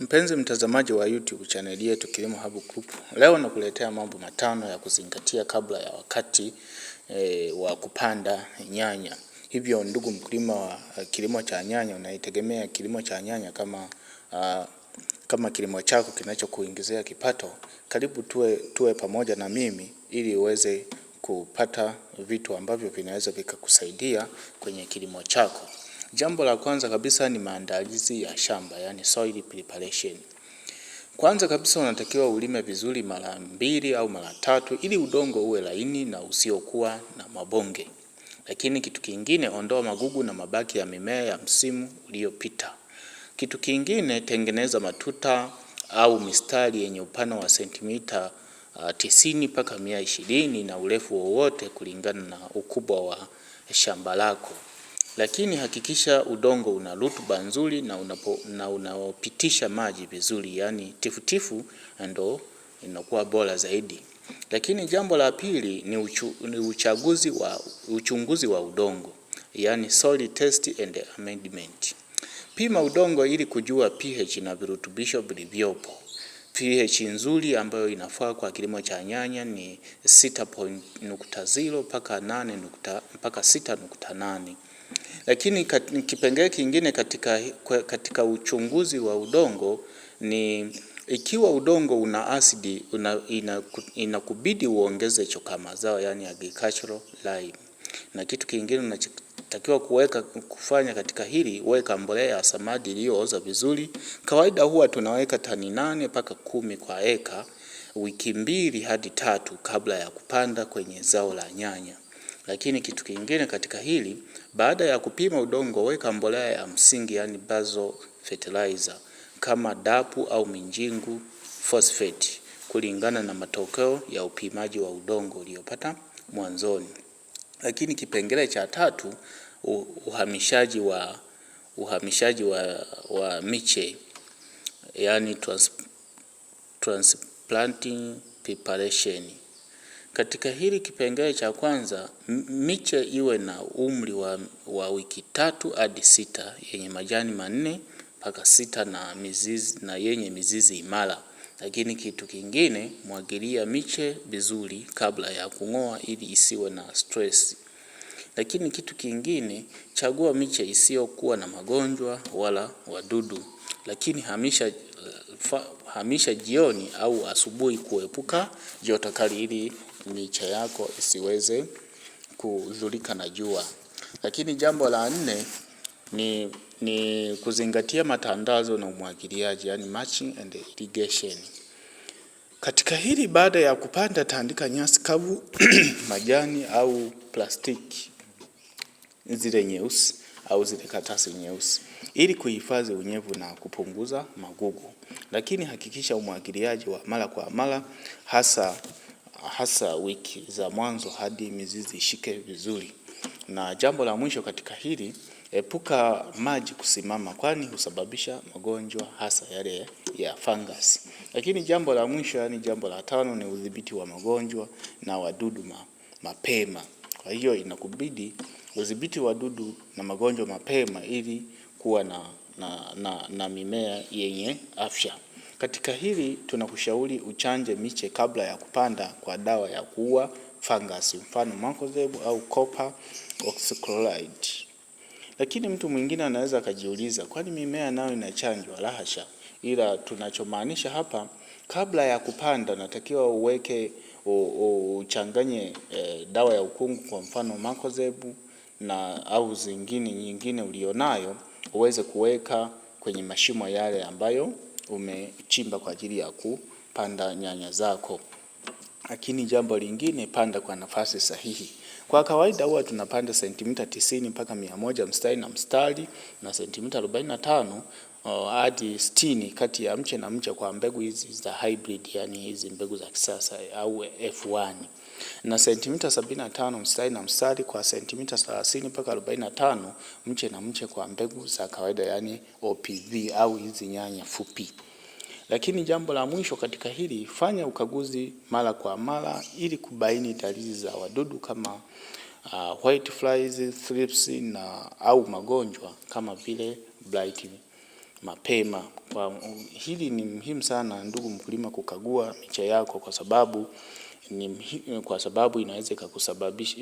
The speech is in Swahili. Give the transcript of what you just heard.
Mpenzi mtazamaji wa YouTube channel yetu Kilimo Hub Group, leo nakuletea mambo matano ya kuzingatia kabla ya wakati e, wa kupanda nyanya. Hivyo ndugu mkulima wa eh, kilimo cha nyanya, unaitegemea kilimo cha nyanya kama a, ah, kama kilimo chako kinachokuingizia kipato, karibu tuwe, tuwe pamoja na mimi ili uweze kupata vitu ambavyo vinaweza vikakusaidia kwenye kilimo chako. Jambo la kwanza kabisa ni maandalizi ya shamba, yani soil preparation. Kwanza kabisa unatakiwa ulime vizuri mara mbili au mara tatu ili udongo uwe laini na usiokuwa na mabonge. Lakini kitu kingine, ondoa magugu na mabaki ya mimea ya msimu uliopita. Kitu kingine, tengeneza matuta au mistari yenye upana wa sentimita uh, tisini mpaka mia ishirini na urefu wowote kulingana na ukubwa wa shamba lako lakini hakikisha udongo una rutuba nzuri na unapo, unaopitisha una maji vizuri, yaani tifutifu ndo inakuwa bora zaidi. Lakini jambo la pili ni, uchu, ni uchaguzi wa, uchunguzi wa udongo yaani soil test and amendment. Pima udongo ili kujua pH na virutubisho vilivyopo. pH nzuri ambayo inafaa kwa kilimo cha nyanya ni 6.0 mpaka 8 mpaka 6.8. Lakini kipengee kingine katika, katika uchunguzi wa udongo ni ikiwa udongo una asidi inakubidi ina uongeze chokamazao, yani agricultural lime. Na kitu kingine unachotakiwa kuweka kufanya katika hili, weka mbolea ya samadi iliyooza vizuri. Kawaida huwa tunaweka tani nane mpaka kumi kwa eka, wiki mbili hadi tatu kabla ya kupanda kwenye zao la nyanya. Lakini kitu kingine katika hili, baada ya kupima udongo, weka mbolea ya msingi, yani bazo fertilizer kama dapu au minjingu phosphate kulingana na matokeo ya upimaji wa udongo uliopata mwanzoni. Lakini kipengele cha tatu, uhamishaji wa, uhamishaji wa, wa miche yani trans, transplanting preparation. Katika hili kipengele cha kwanza, miche iwe na umri wa, wa wiki tatu hadi sita yenye majani manne mpaka sita na mizizi, na yenye mizizi imara. Lakini kitu kingine, mwagilia miche vizuri kabla ya kung'oa ili isiwe na stress. Lakini kitu kingine, chagua miche isiyokuwa na magonjwa wala wadudu. Lakini hamisha hamisha jioni au asubuhi kuepuka joto kali ili miche yako isiweze kudhurika na jua. Lakini jambo la nne ni, ni kuzingatia matandazo na umwagiliaji, yani mulching and irrigation. Katika hili baada ya kupanda, tandika nyasi kavu majani au plastiki zile nyeusi au zile karatasi nyeusi ili kuhifadhi unyevu na kupunguza magugu. Lakini hakikisha umwagiliaji wa mara kwa mara hasa hasa wiki za mwanzo hadi mizizi ishike vizuri. Na jambo la mwisho katika hili, epuka maji kusimama, kwani husababisha magonjwa hasa yale ya fangasi. Lakini jambo la mwisho, yaani jambo la tano, ni udhibiti wa magonjwa na wadudu ma, mapema. Kwa hiyo inakubidi udhibiti wadudu na magonjwa mapema ili kuwa na, na, na, na mimea yenye afya. Katika hili tunakushauri uchanje miche kabla ya kupanda kwa dawa ya kuua fangasi, mfano mancozeb au copper oxychloride. Lakini mtu mwingine anaweza akajiuliza, kwani mimea nayo inachanjwa? La hasha, ila tunachomaanisha hapa, kabla ya kupanda natakiwa uweke uchanganye e, dawa ya ukungu kwa mfano mancozeb na au zingine nyingine ulionayo uweze kuweka kwenye mashimo yale ambayo umechimba kwa ajili ya kupanda nyanya zako. Lakini jambo lingine, panda kwa nafasi sahihi. Kwa kawaida huwa tunapanda sentimita tisini mpaka mia moja mstari na mstari na sentimita arobaini na tano hadi sitini kati ya mche na mche kwa mbegu hizi za hybrid, yani hizi mbegu za kisasa au F1 na sentimita 75 mstari na mstari kwa sentimita 30 mpaka 45 mche na mche kwa mbegu za kawaida, yani OPV au hizi nyanya fupi. Lakini jambo la mwisho katika hili, fanya ukaguzi mara kwa mara ili kubaini dalili za wadudu kama uh, white flies, thrips na au magonjwa kama vile blight mapema. Kwa hili ni muhimu sana ndugu mkulima, kukagua miche yako kwa sababu ni kwa sababu inaweza ikakusababisha